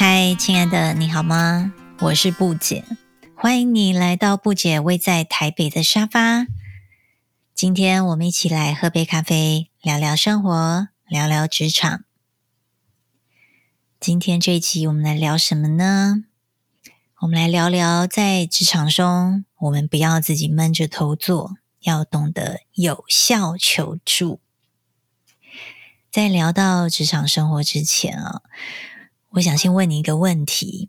嗨，Hi, 親愛的，你好嗎？我是布姐，歡迎你來到布姐位在台北的沙發。今天我們一起來喝杯咖啡，聊聊生活，聊聊職場。今天這一期我們來聊什麼呢？我們來聊聊在職場中，我們不要自己悶着頭做，要懂得有效求助。在聊到職場生活之前啊、哦。我想先問你一個問題：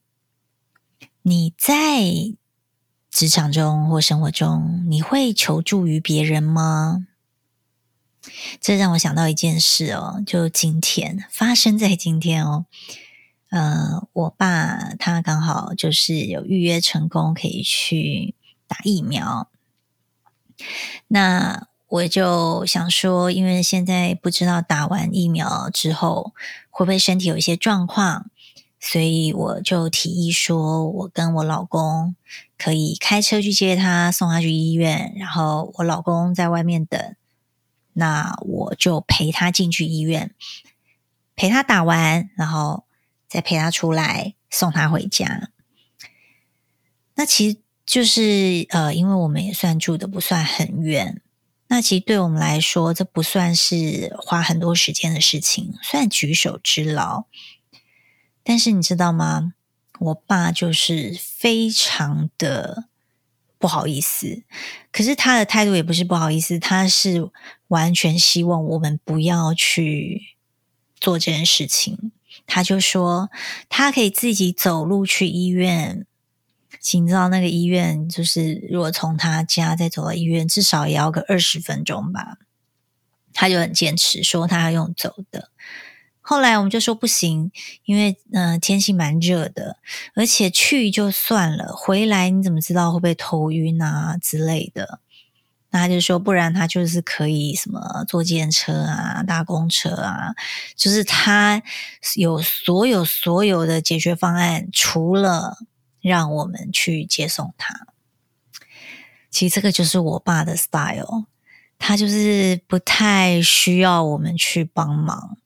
你在職場中或生活中，你會求助於別人嗎？這讓我想到一件事哦，就今天發生在今天哦。呃，我爸他剛好就是有預約成功，可以去打疫苗。那我就想說，因為現在不知道打完疫苗之後。會不會身體有一些狀況？所以我就提議說，我跟我老公可以開車去接他，送他去醫院。然後我老公在外面等，那我就陪他進去醫院，陪他打完，然後再陪他出來，送他回家。那其實就是呃，因為我們也算住的不算很遠。那其實對我們來說，這不算是花很多時間的事情，算舉手之勞。但是你知道嗎？我爸就是非常的不好意思，可是他的態度也不是不好意思，他是完全希望我們不要去做這件事情。他就說，他可以自己走路去醫院。請知道那個醫院，就是如果從他家再走到醫院，至少也要個二十分鐘吧。他就很堅持說他要用走的。後來我們就說不行，因為嗯、呃、天氣蠻熱的，而且去就算了，回來你怎麼知道會不會頭暈啊之類的？那他就說不然他就是可以什麼坐電車啊、搭公車啊，就是他有所有所有的解決方案，除了。讓我們去接送他。其實這個就是我爸的 style，他就是不太需要我們去幫忙。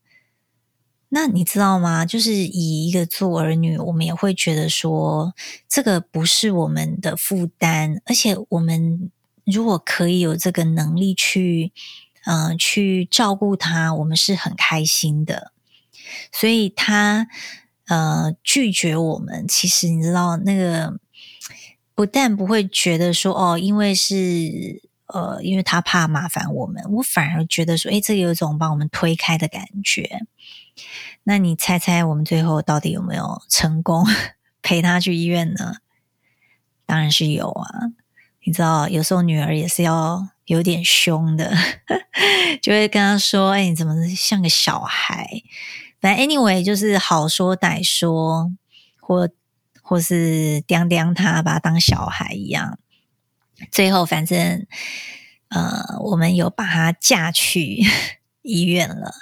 那你知道嗎？就是以一個做兒女，我們也會覺得說，這個不是我們的負擔，而且我們如果可以有這個能力去，嗯，去照顧他，我們是很開心的。所以他。呃，拒絕我們，其實你知道，那個不但不會覺得說哦，因為是呃，因為他怕麻煩我們，我反而覺得說，誒，這有一種把我們推開的感覺。那你猜猜，我們最後到底有沒有成功陪他去醫院呢？當然是有啊，你知道，有時候女兒也是要有點凶的， 就會跟他說，哎，你怎麼像個小孩？反正 anyway 就是好說歹說，或或是叮叮他，把他當小孩一樣。最後反正，呃，我們有把他架去醫院了。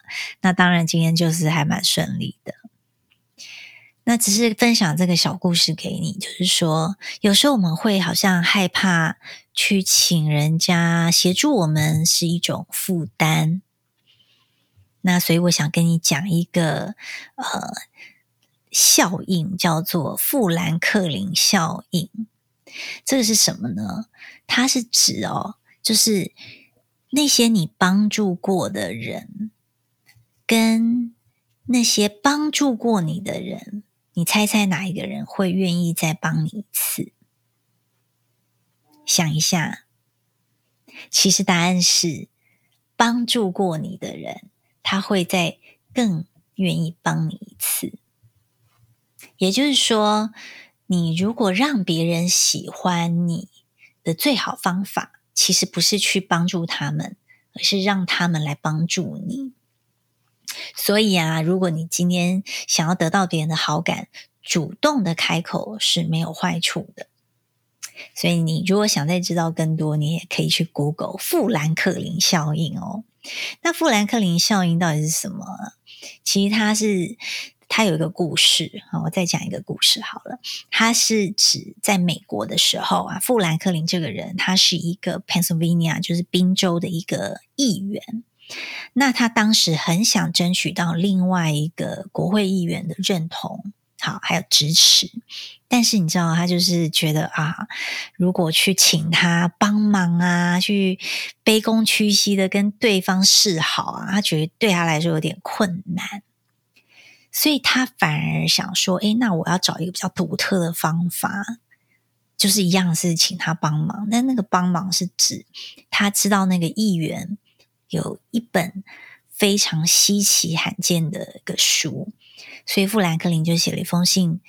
那當然，今天就是還蠻順利的。那只是分享這個小故事給你，就是說，有時候我們會好像害怕去請人家協助我們是一種負擔。那所以我想跟你講一個呃效應，叫做富蘭克林效應。這個是什麼呢？它是指哦，就是那些你幫助過的人，跟那些幫助過你的人，你猜猜哪一個人會願意再幫你一次？想一下，其實答案是幫助過你的人。他會再更願意幫你一次，也就是說，你如果讓別人喜歡你的最好方法，其實不是去幫助他們，而是讓他們來幫助你。所以啊，如果你今天想要得到別人的好感，主動的開口是沒有壞處的。所以，你如果想再知道更多，你也可以去 Google 富蘭克林效應哦。那富蘭克林效應到底是什麼？其實他是，他有一個故事，我再講一個故事好了。他是指在美國的時候啊，富蘭克林這個人他是一個 Pennsylvania，就是賓州的一個議員。那他當時很想爭取到另外一個國會議員的認同。好，還有支持，但是你知道，他就是覺得啊，如果去請他幫忙啊，去卑躬屈膝的跟對方示好啊，他覺得對他來說有點困難，所以他反而想說，誒，那我要找一個比較獨特的方法，就是一樣是請他幫忙，但那個幫忙是指他知道那個議員有一本非常稀奇罕見的一個書。所以富蘭克林就寫了一封信，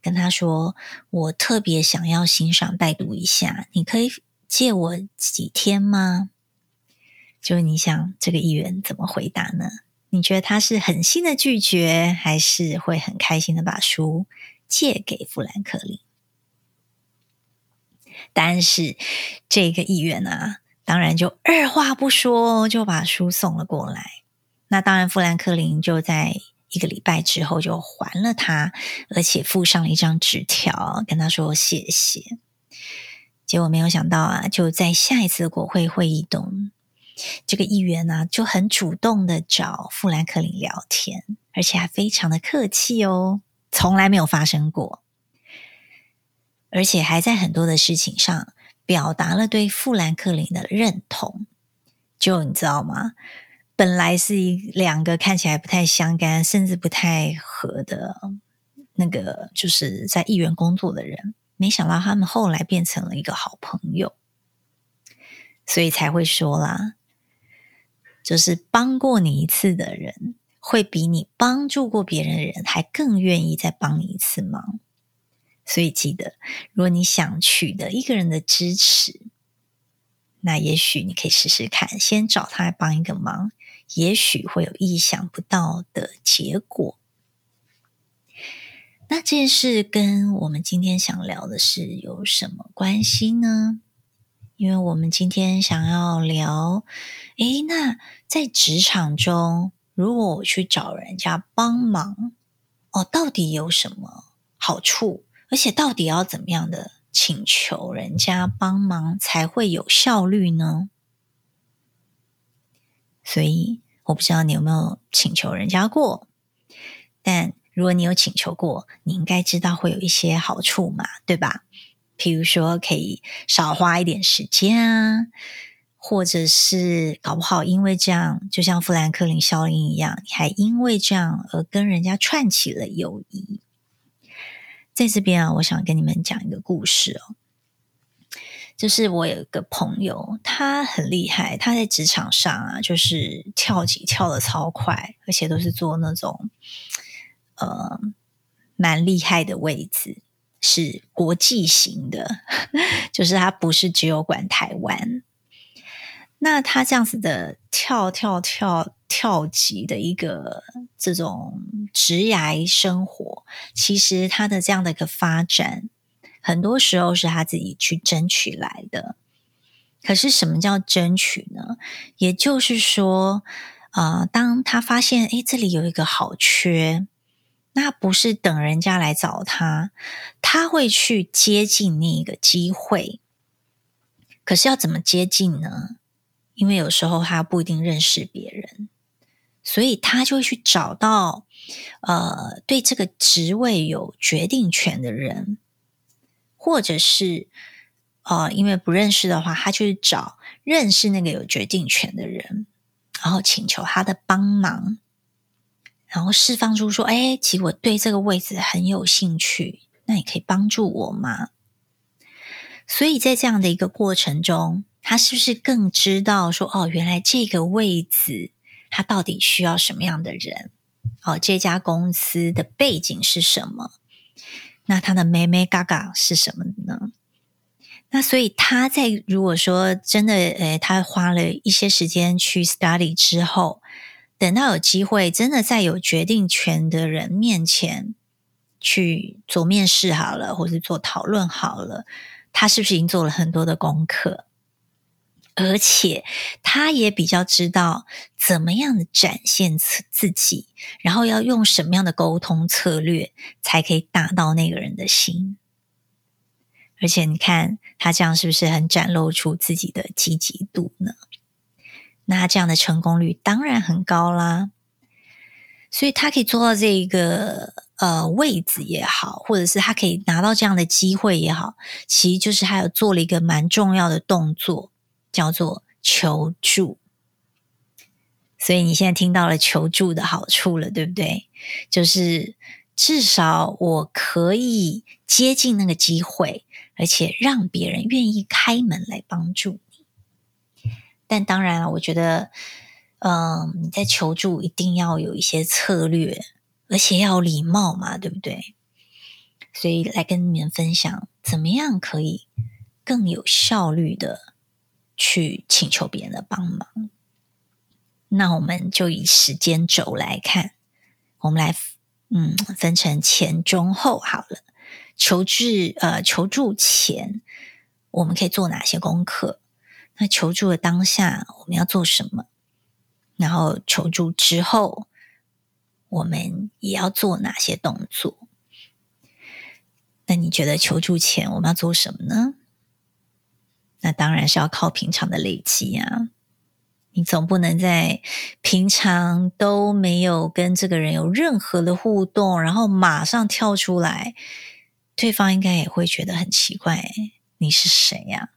跟他說：“我特別想要欣賞拜讀一下，你可以借我幾天嗎？”就是你想這個議員怎麼回答呢？你覺得他是狠心的拒絕，還是會很開心的把書借給富蘭克林？答案是這個議員啊，當然就二話不說就把書送了過來。那當然，富蘭克林就在。一個禮拜之後就還了他，而且附上了一張紙條，跟他說謝謝。結果沒有想到啊，就在下一次國會會議中，這個議員呢，啊，就很主動的找富蘭克林聊天，而且還非常的客氣哦，從來沒有發生過，而且還在很多的事情上表達了對富蘭克林的認同。就你知道嗎？本來是一兩個看起來不太相干，甚至不太合的那個，就是在醫院工作的人，沒想到他們後來變成了一個好朋友，所以才會說啦，就是幫過你一次的人，會比你幫助過別人的人還更願意再幫你一次忙。所以記得，如果你想取得一個人的支持，那也許你可以試試看，先找他來幫一個忙。也許會有意想不到的結果。那這件事跟我們今天想聊的事有什麼關係呢？因為我們今天想要聊，誒，那在職場中，如果我去找人家幫忙，哦，到底有什麼好處？而且到底要怎麼樣的請求人家幫忙才會有效率呢？所以我不知道你有沒有請求人家過，但如果你有請求過，你應該知道會有一些好處嘛，對吧？譬如說可以少花一點時間啊，或者是搞不好因為這樣，就像富蘭克林效應一樣，你還因為這樣而跟人家串起了友誼。在這邊啊，我想跟你們講一個故事哦。就是我有一個朋友，他很厲害，他在職場上啊，就是跳級跳得超快，而且都是做那種呃蠻厲害的位置，是國際型的，就是他不是只有管台灣。那他這樣子的跳跳跳跳級的一個這種職涯生活，其實他的這樣的一個發展。很多時候是他自己去爭取來的，可是什麼叫爭取呢？也就是說，啊、呃，當他發現，誒，這裡有一個好缺，那不是等人家來找他，他會去接近那一個機會。可是要怎麼接近呢？因為有時候他不一定認識別人，所以他就會去找到呃，對這個職位有決定權的人。或者是、呃，因為不認識的話，他就去找認識那個有決定權的人，然後請求他的幫忙，然後釋放出說：“哎，其實我對這個位置很有興趣，那你可以幫助我嗎？”所以在這樣的一個過程中，他是不是更知道說：“哦，原來這個位置他到底需要什麼樣的人？哦，這家公司的背景是什麼？”那他的妹妹嘎嘎是什麼呢？那所以他在如果說真的，呃，他花了一些時間去 study 之後，等到有機會真的在有決定權的人面前去做面試好了，或是做討論好了，他是不是已經做了很多的功課？而且他也比較知道怎麼樣的展現自己，然後要用什麼樣的溝通策略才可以打到那個人的心。而且你看他這樣是不是很展露出自己的積極度呢？那他這樣的成功率當然很高啦。所以他可以做到這一個呃位置也好，或者是他可以拿到這樣的機會也好，其實就是他有做了一個蠻重要的動作。叫做求助，所以你現在聽到了求助的好處了，對不對？就是至少我可以接近那個機會，而且讓別人願意開門來幫助你。但當然了，我覺得，嗯，你在求助一定要有一些策略，而且要禮貌嘛，對不對？所以來跟你們分享，怎麼樣可以更有效率的。去請求別人的幫忙，那我們就以時間軸來看，我們來嗯分成前、中、後好了。求助呃，求助前我們可以做哪些功課？那求助的當下我們要做什麼？然後求助之後，我們也要做哪些動作？那你覺得求助前我們要做什麼呢？那當然是要靠平常的累積呀！你總不能在平常都沒有跟這個人有任何的互動，然後馬上跳出來，對方應該也會覺得很奇怪，你是誰呀？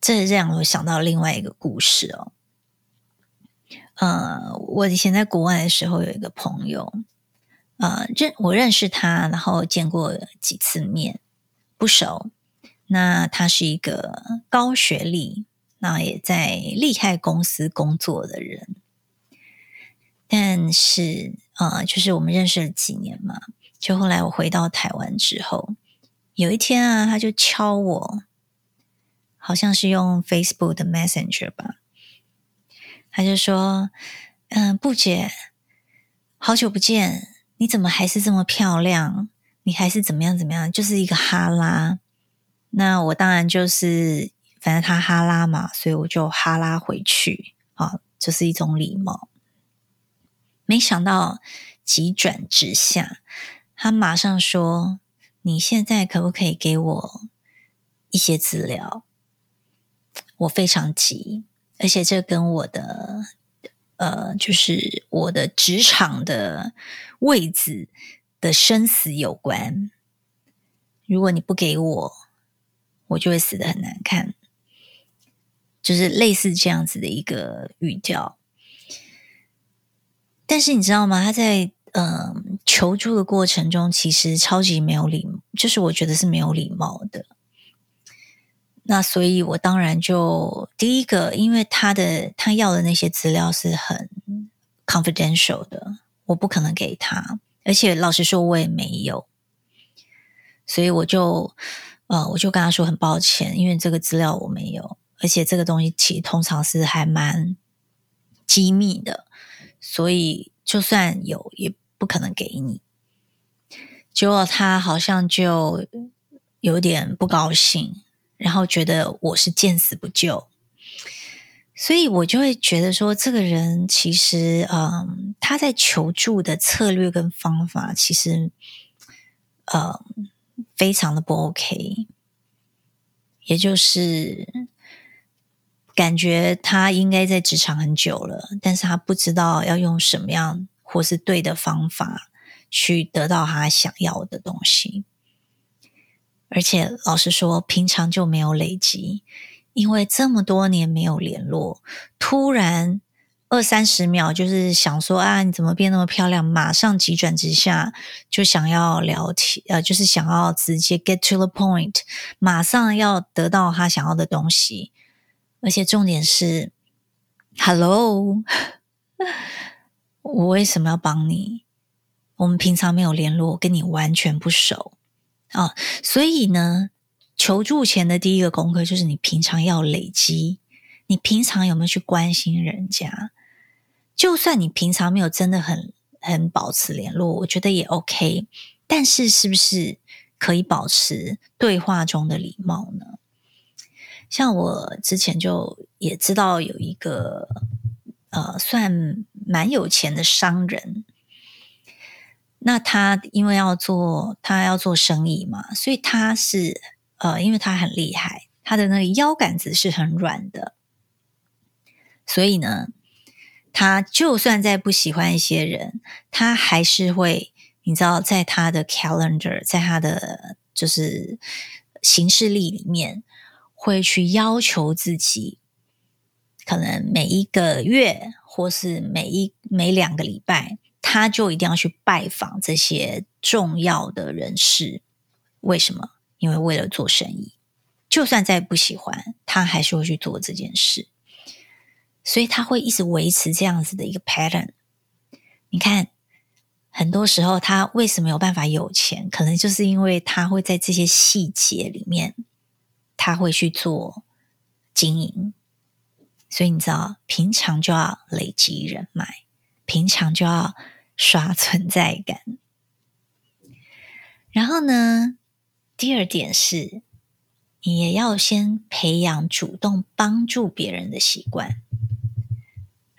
這讓我想到另外一個故事哦。呃，我以前在國外的時候有一個朋友，呃，認我認識他，然後見過幾次面，不熟。那他是一個高學歷，那也在厲害公司工作的人，但是啊、呃，就是我們認識了幾年嘛，就後來我回到台灣之後，有一天啊，他就敲我，好像是用 Facebook 的 Messenger 吧，他就說：“嗯、呃，布姐，好久不見，你怎麼還是這麼漂亮？你還是怎麼樣怎麼樣？就是一個哈拉。”那我當然就是，反正他哈拉嘛，所以我就哈拉回去啊，這、就是一種禮貌。沒想到急轉直下，他馬上說：“你現在可不可以給我一些資料？”我非常急，而且這跟我的呃，就是我的職場的位置的生死有關。如果你不給我，我就會死得很難看，就是類似這樣子的一個語調。但是你知道嗎？他在嗯、呃、求助的過程中，其實超級沒有禮貌，就是我覺得是沒有禮貌的。那所以，我當然就第一個，因為他的他要的那些資料是很 confidential 的，我不可能給他，而且老實說，我也沒有，所以我就。呃，我就跟他說很抱歉，因為這個資料我沒有，而且這個東西其實通常是還蠻機密的，所以就算有也不可能給你。結果他好像就有點不高興，然後覺得我是見死不救，所以我就會覺得說，這個人其實，嗯，他在求助的策略跟方法其實，嗯。非常的不 OK，也就是感覺他應該在職場很久了，但是他不知道要用什麼樣或是對的方法去得到他想要的東西。而且老實說，平常就沒有累積，因為這麼多年沒有聯絡，突然。二三十秒，就是想說啊，你怎麼變那麼漂亮？馬上急轉直下，就想要聊天，呃，就是想要直接 get to the point，馬上要得到他想要的東西。而且重點是，hello，我為什麼要幫你？我們平常沒有聯絡，跟你完全不熟啊。所以呢，求助前的第一個功課就是你平常要累積。你平常有沒有去關心人家？就算你平常沒有真的很很保持聯絡，我覺得也 OK。但是是不是可以保持對話中的禮貌呢？像我之前就也知道有一個呃，算蠻有錢的商人。那他因為要做，他要做生意嘛，所以他是呃，因為他很厲害，他的那個腰桿子是很軟的。所以呢，他就算再不喜歡一些人，他還是會你知道，在他的 calendar，在他的就是行事曆裡面，會去要求自己，可能每一個月或是每一每兩個禮拜，他就一定要去拜訪這些重要的人士。為什麼？因為為了做生意，就算再不喜歡，他還是會去做這件事。所以他會一直維持這樣子的一個 pattern。你看，很多時候他為什麼有辦法有錢，可能就是因為他會在這些細節裡面，他會去做經營。所以你知道，平常就要累積人脈，平常就要刷存在感。然後呢，第二點是。你也要先培養主動幫助別人的習慣，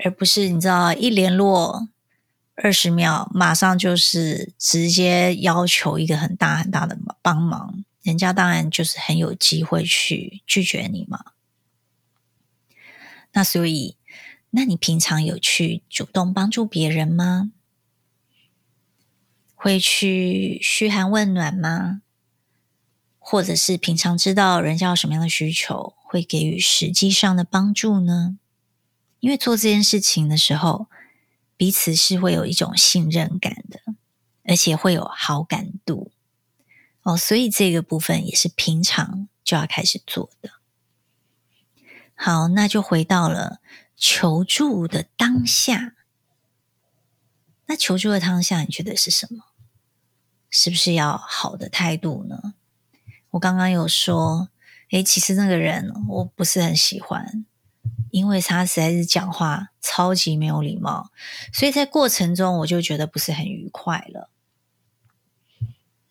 而不是你知道一聯絡二十秒，馬上就是直接要求一個很大很大的幫忙，人家當然就是很有機會去拒絕你嘛。那所以，那你平常有去主動幫助別人嗎？會去噓寒問暖嗎？或者是平常知道人家有什麼樣的需求，會給予實際上的幫助呢？因為做這件事情的時候，彼此是會有一種信任感的，而且會有好感度。哦，所以這個部分也是平常就要開始做的。好，那就回到了求助的當下。那求助的當下，你覺得是什麼？是不是要好的態度呢？我剛剛有說，誒其實那個人我不是很喜歡，因為他實在是講話超級沒有禮貌，所以在過程中我就覺得不是很愉快了。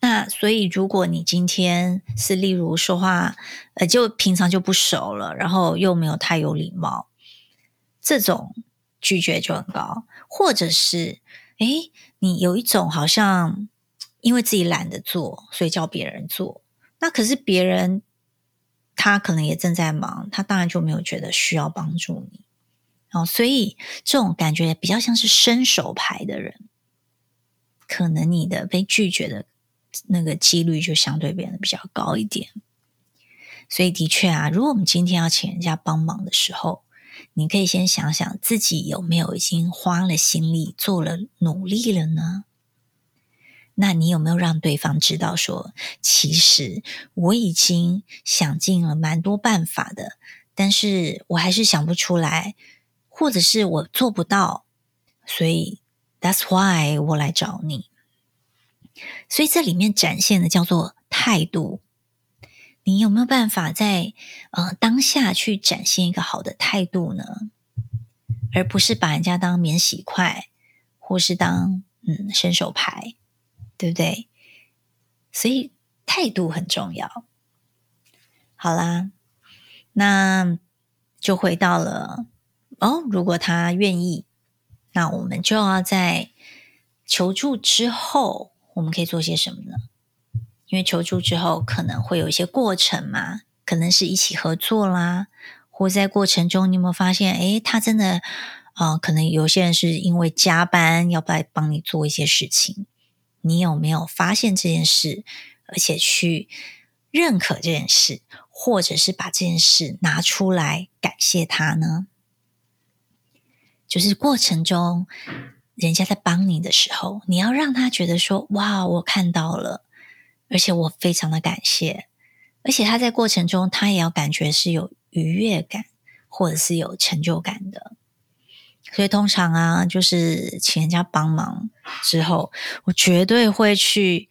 那所以如果你今天是例如說話，呃，就平常就不熟了，然後又沒有太有禮貌，這種拒絕就很高。或者是，誒你有一種好像因為自己懶得做，所以叫別人做。那可是別人，他可能也正在忙，他當然就沒有覺得需要幫助你。哦，所以這種感覺比較像是伸手牌的人，可能你的被拒絕的那個幾率就相對變得比較高一點。所以，的確啊，如果我們今天要請人家幫忙的時候，你可以先想想自己有沒有已經花了心力、做了努力了呢？那你有沒有讓對方知道說，其實我已經想盡了蠻多辦法的，但是我還是想不出來，或者是我做不到，所以 that's why 我來找你。所以這裡面展現的叫做態度，你有沒有辦法在呃當下去展現一個好的態度呢？而不是把人家當免洗筷，或是當嗯伸手牌。對不對？所以態度很重要。好啦，那就回到了哦。如果他願意，那我們就要在求助之後，我們可以做些什麼呢？因為求助之後可能會有一些過程嘛，可能是一起合作啦，或在過程中你有沒有發現，誒，他真的啊，呃，可能有些人是因為加班要不來幫你做一些事情。你有沒有發現這件事，而且去認可這件事，或者是把這件事拿出來感謝他呢？就是過程中，人家在幫你的時候，你要讓他覺得說：“哇，我看到了，而且我非常的感謝。”而且他在過程中，他也要感覺是有愉悅感，或者是有成就感的。所以通常啊，就是請人家幫忙之後，我絕對會去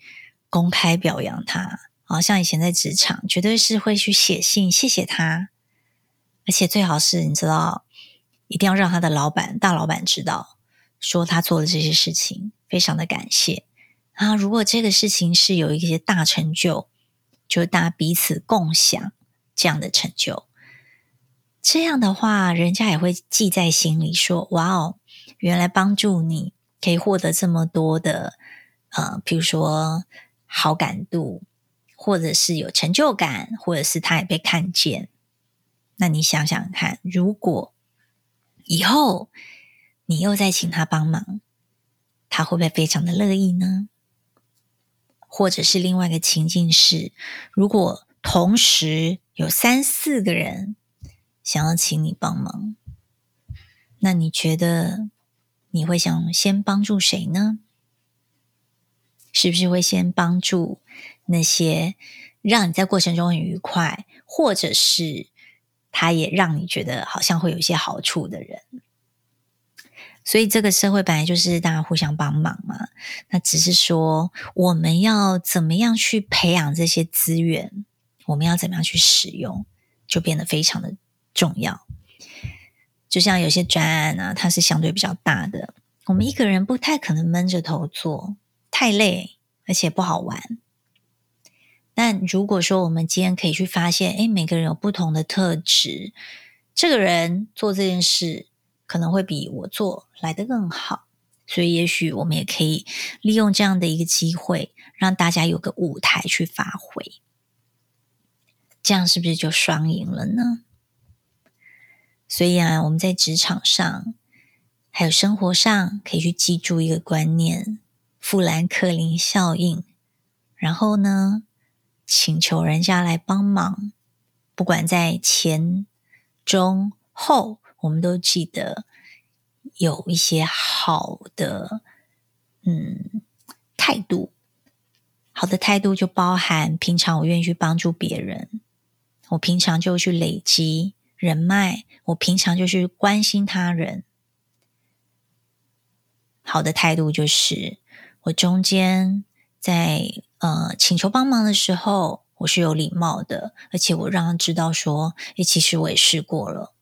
公開表揚他。啊、哦，像以前在職場，絕對是會去寫信謝謝他，而且最好是你知道，一定要讓他的老板、大老板知道，說他做的這些事情，非常的感謝。啊，如果這個事情是有一些大成就，就是、大家彼此共享這樣的成就。這樣的話，人家也會記在心裡，說：“哇哦，原來幫助你可以獲得這麼多的，呃，比如說好感度，或者是有成就感，或者是他也被看見。”那你想想看，如果以後你又再請他幫忙，他會不會非常的樂意呢？或者是另外一個情境是，如果同時有三四個人。想要請你幫忙，那你覺得你會想先幫助誰呢？是不是會先幫助那些讓你在過程中很愉快，或者是他也讓你覺得好像會有一些好處的人？所以這個社會本來就是大家互相幫忙嘛，那只是說，我們要怎麼樣去培養這些資源，我們要怎麼樣去使用，就變得非常的。重要，就像有些專案啊，它是相對比較大的，我們一個人不太可能悶着頭做，太累而且不好玩。但如果說我們今天可以去發現，哎，每個人有不同的特質，這個人做這件事可能會比我做來得更好，所以也許我們也可以利用這樣的一個機會，讓大家有個舞台去發揮，這樣是不是就雙贏了呢？所以啊，我們在職場上，還有生活上，可以去記住一個觀念——富蘭克林效應。然後呢，請求人家來幫忙，不管在前、中、後，我們都記得有一些好的，嗯，態度。好的態度就包含：平常我願意去幫助別人，我平常就去累積。人脈，我平常就是關心他人。好的態度就是，我中間在呃請求幫忙的時候，我是有禮貌的，而且我讓他知道說，誒，其實我也試過了，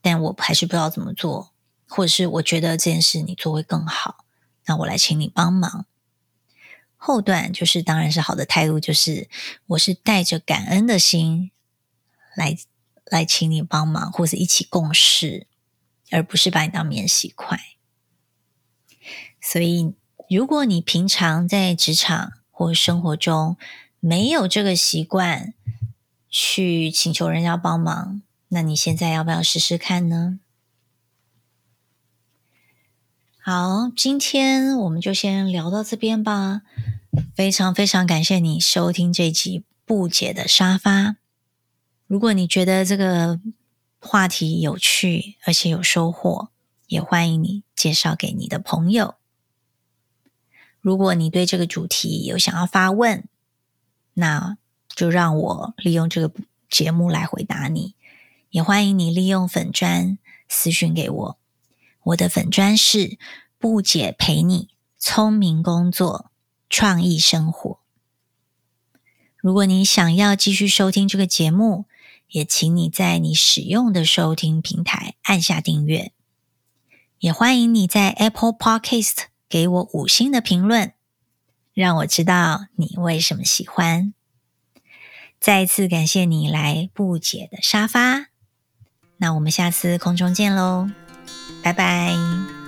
但我還是不知道怎麼做，或者是我覺得這件事你做會更好，那我來請你幫忙。後段就是，當然是好的態度，就是我是帶着感恩的心來。來，請你幫忙，或者一起共事，而不是把你當免洗筷。所以，如果你平常在職場或生活中沒有這個習慣去請求人家幫忙，那你現在要不要試試看呢？好，今天我們就先聊到這邊吧。非常非常感謝你收聽這集《布姐的沙發》。如果你覺得這個話題有趣，而且有收穫，也歡迎你介紹給你的朋友。如果你對這個主題有想要發問，那就讓我利用這個節目來回答你。也歡迎你利用粉專私訊給我，我的粉專是“布姐陪你聰明工作，創意生活”。如果你想要繼續收聽這個節目，也請你在你使用的收聽平台按下訂閱，也歡迎你在 Apple Podcast 給我五星的評論，讓我知道你為什麼喜歡。再一次感謝你來布姐的沙發，那我們下次空中見嘍，拜拜。